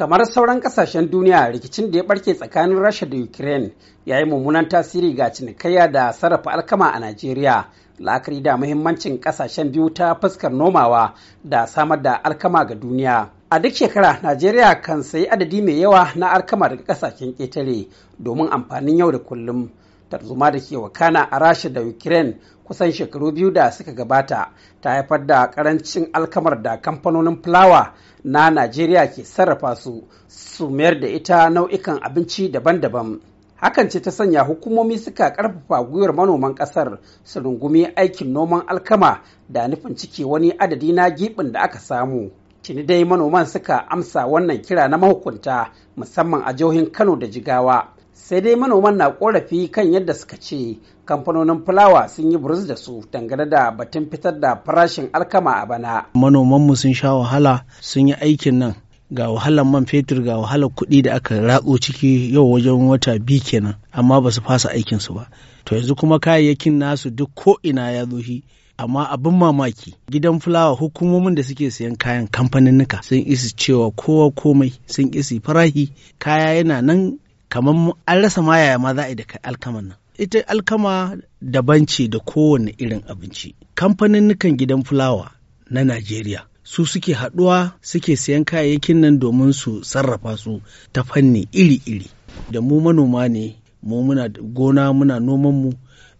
kamar sauran kasashen duniya rikicin da ya barke tsakanin rasha da ukraine ya yi mummunan tasiri ga cinikayya da sarrafa alkama a najeriya la'akari da muhimmancin kasashen biyu ta fuskar nomawa da samar da alkama ga duniya a duk shekara najeriya kan sayi adadi mai yawa na alkama daga kasashen ƙetare domin amfanin yau da kullum tarzoma da ke wakana a rasha da ukraine kusan shekaru biyu da suka gabata ta haifar da karancin alkamar da kamfanonin fulawa na najeriya ke sarrafa su su mayar da ita nau'ikan abinci daban-daban hakan ce ta sanya hukumomi suka karfafa gwiwar manoman kasar su rungumi aikin noman alkama da nufin cike wani adadi na gibin da aka samu tuni dai manoman suka amsa wannan kira na mahukunta musamman a jihohin kano da jigawa sai dai manoman na korafi kan yadda suka ce kamfanonin fulawa sun yi burus da su dangane da batun fitar da farashin alkama a bana manomanmu sun sha wahala sun yi aikin nan ga wahalar man fetur ga wahalar kuɗi da aka ratso ciki yau wajen wata biyu kenan amma ba su fasa aikinsu ba to yanzu kuma kayayyakin nasu duk ko ina ya zo shi amma abin mamaki gidan fulawa hukumomin da suke sayan kayan kamfaninnika sun isi cewa kowa komai sun isi farahi kaya yana nan kamar an rasa ma yaya ma za a yi da alkaman nan ita alkama daban ce da kowane irin abinci kamfanin nukan gidan fulawa na najeriya su suke haɗuwa suke sayan kayayyakin nan domin su sarrafa su ta fanni iri-iri da mu manoma ne mu muna gona muna noman mu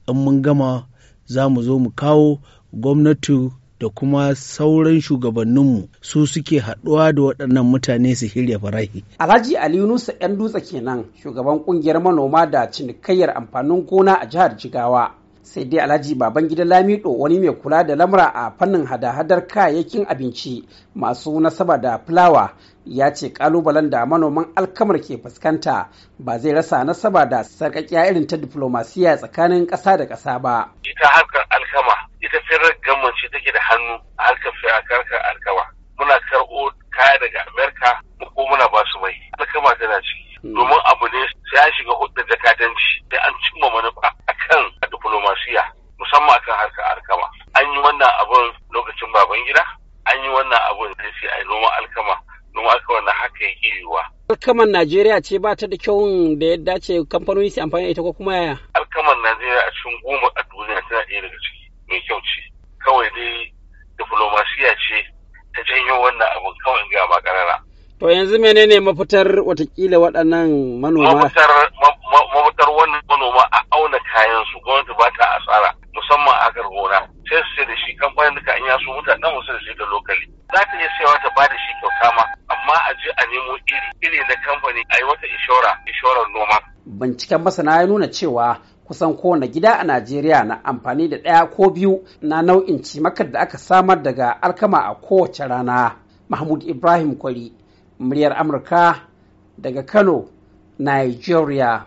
in mun gama za mu zo mu kawo gwamnati da kuma sauran shugabanninmu su suke haɗuwa da waɗannan mutane su shirya farahi. Alhaji Ali Yunusa ‘yan dutse kenan shugaban ƙungiyar manoma da cinikayyar amfanin gona a jihar Jigawa. Sai dai Alhaji Babangida Lamido wani mai kula da lamura a fannin hada-hadar kayayyakin abinci masu nasaba da fulawa ya ce kalubalen da manoman alkamar ke fuskanta ba zai rasa nasaba da sarƙaƙiya irin ta diplomasiya tsakanin ƙasa da ƙasa ba. Ita harkar alkama ita federal gamman ce take da hannu a harkar fiye a karkar alkama muna karɓo kaya daga amerika mu ko muna ba su mai alkama tana ciki hmm. domin abu ne sai an shiga hudda jakadanci da an cimma manufa A kan diplomasiya musamman akan harkar alkama an yi wannan abun lokacin baban gida an yi wannan abun da sai a yi noman alkama noman alkama na haka yake yiwuwa alkaman najeriya ce ba ta da kyau da ya dace kamfanoni su amfani da ita ko kuma yaya alkaman najeriya a cikin goma a duniya tana ɗaya daga ciki mai kyau ce kawai dai diflomasiya ce ta janyo wannan abin kawai ga ba to yanzu menene mafitar watakila waɗannan manoma mafitar wannan manoma a auna kayan su gwamnati ba ta asara musamman a gargona sai su sai da shi kamfanin duka an yaso mutanen wasu da shi da lokali za ta iya sayawa ta ba da shi kyauta ma amma a je a nemo iri iri na kamfani a yi wata ishora ishorar noma binciken masana ya nuna cewa kusan kowane gida a Najeriya na amfani da ɗaya ko biyu na nau'in cimakar da aka samar daga alkama a kowace rana. Mahmud Ibrahim Kwari, muryar Amurka daga Kano, Nigeria.